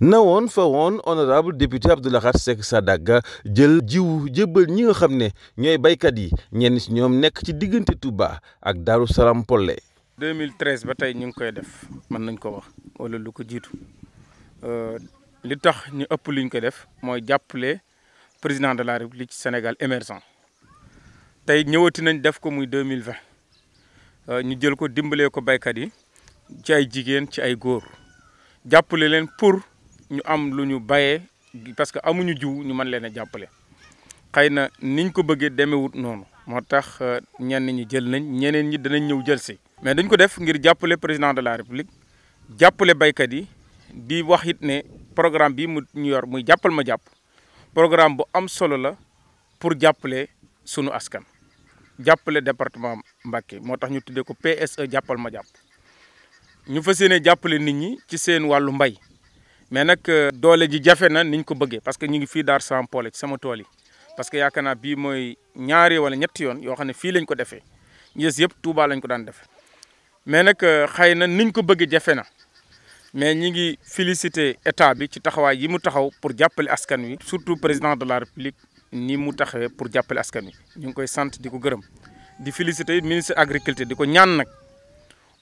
na woon fa woon honorable député Abdou Lahad sa Sadaga jël jiw jébbal ñi nga xam ne ñooy baykat yi ñenn si ñoom nekk ci diggante Touba ak Darou Salam Pollé. 2013 ba tey ñu ngi koy def mën nañ ko wax wala lu ko jiitu euh, li tax ñu ëpp luñ koy def mooy jàppale président de la république Sénégal émergent tey ñëwati nañ def ko muy 2020 euh, ñu jël ko dimbalee ko baykat yi ci ay jigéen ci ay góor jàppale leen pour. ñu am lu ñu bayee parce que amuñu jiw ñu man leen a jàppale xëy na niñ ko bëggee demewut noonu moo tax euh, ñenn ñi jël nañ ñeneen ñi danañ ñëw jël si. mais dañ ko def ngir jàppale président de la république jàppale baykat yi di wax it ne programme bi mu ñu yor muy jàppal ma jàpp programme bu am solo la pour jàppale sunu askan. jàppale département Mbacké moo tax ñu tuddee ko PSE jàppal ma jàpp ñu fas yéene jàppale nit ñi ci seen wàllu mbay. mais nag euh, doole ji jafe na niñ ko bëggee parce que ñu ngi fii daar sam sama tool yi parce que yaakaar naa bii mooy ñaari wala ñetti yoon yoo xam ne fii lañ ko defee ñës yëpp Touba lañ ko daan defee mais nag euh, xëy na niñ ko bëggee jafe na mais ñi ngi féliciter état bi ci taxawaay yi mu taxaw pour jàppale askan wi surtout président de la république ni mu taxawee pour jàppale askan wi ñu ngi koy sant di ko gërëm di féliciter ministre agriculture di ko ñaan nag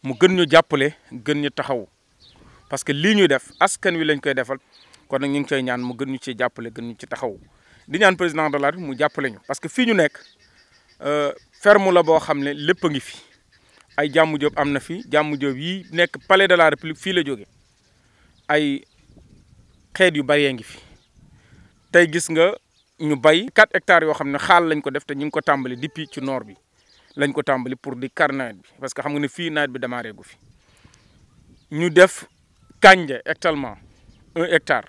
mu gën ñu jàppale gën ñu taxaw parce que lii ñuy def askan wi lañ koy defal kon nag ñu ngi cay ñaan mu gën ñu cee jàppale gën ñu ci taxaw di ñaan président de la mu jàppale ñu parce que fii ñu nekk euh, ferme la boo xam ne lépp a ngi fi ay jàmm jóob am na fi jàmm jóob yi nekk palais de la République fii la jóge ay xeet yu bëree ngi fi tey gis nga ñu bay 4 hectare yoo xam ne xaal lañ ko def te ñu ngi ko tàmbali depuis ci noor bi lañ ko tàmbali pour di kar nawet bi parce que xam nga ne fii nawet bi démarré gu fi ñu kànja ectuellement un hectare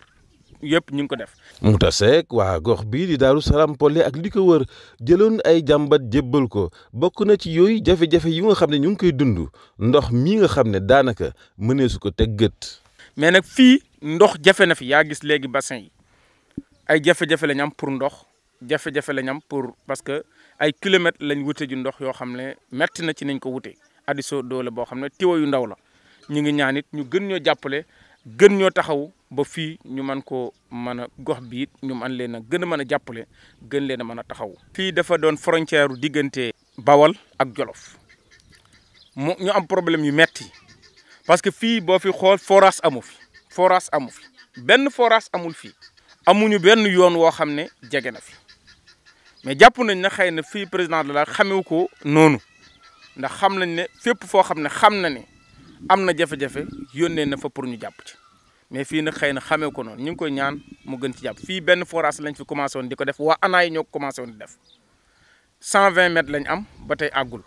yëpp ñu ngi ko def. mu taseek waa gox bii di Daaru Salaam ak li ko wër jëloon ay jàmbat jébbal ko bokk na ci yooyu jafe-jafe yi nga xam ne ñu ngi koy dund ndox mi nga xam ne daanaka mënee ko teg gët. mais nag fii ndox jafe na fi yaa gis léegi bassin yi ay jafe-jafe la am pour ndox jafe-jafe la ñu am pour parce que ay kilomètres lañ wute ju ndox yoo xam ne metti na ci nañ ko wute addiso doole boo xam ne tiwo yu ndaw la. ñu ngi ñaan it ñu gën ñoo jàppale gën ñoo taxaw ba fii ñu mën koo mën a gox biit ñu mën leen a gën a mën a jàppale gën leen a mën a taxaw. fii dafa doon frontière diggante bawal ak Jolof mu ñu am problème yu metti parce que fii boo fi xool forage amu fi forage amu fi benn forage amul fii amuñu benn yoon woo xam ne jege na fi mais jàpp nañ na xëy na fii président de la xamewu ko noonu ndax xam nañ ne fépp foo xam ne xam na ne. am na jafe-jafe yónnee na fa pour ñu jàpp ci mais fii nag xëy na xamee ko noonu ñu ngi koy ñaan mu gën ci jàpp fii benn forage lañ fi commencé woon di ko def waa ANA yi ñoo ko commencé woon di def 120 mètres lañ am ba tey àggul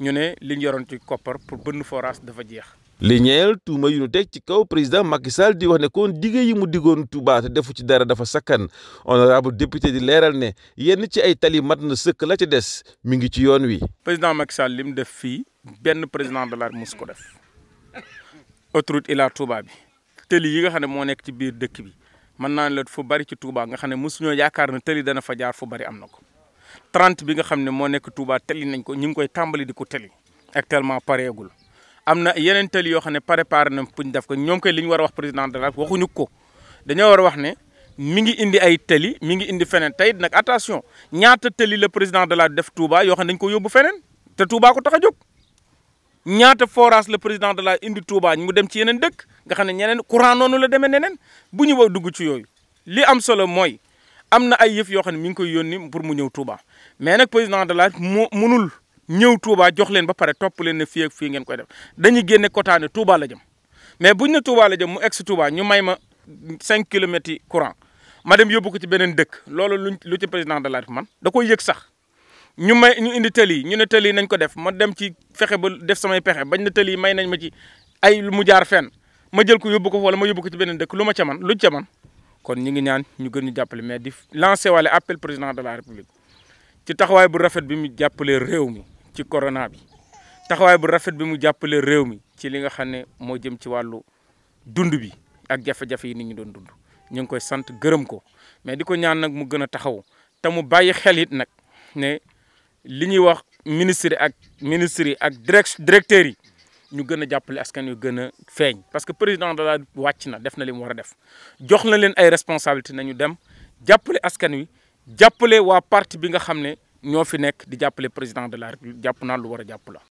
ñu ne li ñu yoroon ci koppar pour bënn forage dafa jeex. li ñeel tuuma yu ñu ci kaw président Macky Sall di wax ne kon dige yi mu digoon Touba te defu ci dara dafa sakkan honorable député di leeral ne yenn ci ay tali mat na sëkk la ca des mi ngi ci yoon wi. président Macky Sall li mu def fii benn président de la mos ko def autoroute Ila Touba bi tëli yi nga xam ne moo nekk ci biir dëkk bi mën naa la fu bari ci Touba nga xam ne mosuñoo yaakaar ne tëli dana fa jaar fu bari am na ko 30 bi nga xam ne moo nekk Touba tëli nañ ko ñu ngi koy tàmbali di ko tëli actuellement pareegul. am na yeneen tëli yoo xam ne préparé na pour ñu def ko ñoom kay li ñu war a wax président de la waxuñu ko dañoo war a wax ne mi ngi indi ay tëli mi ngi indi feneen tey nag attention ñaata tëli la président de la def Touba yoo xam dañ ko yóbbu feneen te Touba ko tax a ñaata forage la président de indi indi ñu mu dem ci yeneen dëk nga xam ne ñeneen courant noonu la demee neneen bu ñu wax dugg ci yooyu li am solo mooy am na ay yëf yoo xam ne mi ngi koy yónni pour mu ñëw Touba mais nag président de la moo mënul. ñëw Touba jox leen ba pare topp leen ne fii ak fii ngeen koy def dañu génne quota ne Touba la jëm mais ñu ne Touba la jëm mu egg si ñu may ma 5 kilomètres yi courant ma dem yóbbu ko ci beneen dëkk loolu luñ lu ci président de la man da yëg sax. ñu may ñu indi tëli ñu ne tëli nañ ko def ma dem ci fexe ba def samay pexe bañ na tëli may nañ ma ci ay lu mu jaar fen ma jël ko yobbu ko wala ma yóbbu ko ci beneen dëkk lu ma ca man lu ca man kon ñu ngi ñaan ñu gën ñu jàppale mais di lancé wale appel président de la république ci taxawaay bu rafet bi mu jàppale réew mi. ci corona bi taxawaay bu rafet bi mu jàppale réew mi ci li nga xam ne moo jëm ci wàllu dund bi ak jafe-jafe yi ni ñu doon dund ñu ngi koy sant gërëm ko mais di ko ñaan nag mu gën a taxaw te mu bàyyi xel it nag ne li ñuy wax ministre ak ministre yi ak direct directeurs yi ñu gën a jàppale askan wi gën a feeñ parce que président de la wàcc na def na li mu war a def jox na leen ay responsabilité nañu dem jàppale askan wi jàppale waa parti bi nga xam ne ñoo fi nekk di jàppale président de la république na naa lu war a jàpp la